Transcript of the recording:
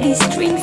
lady strings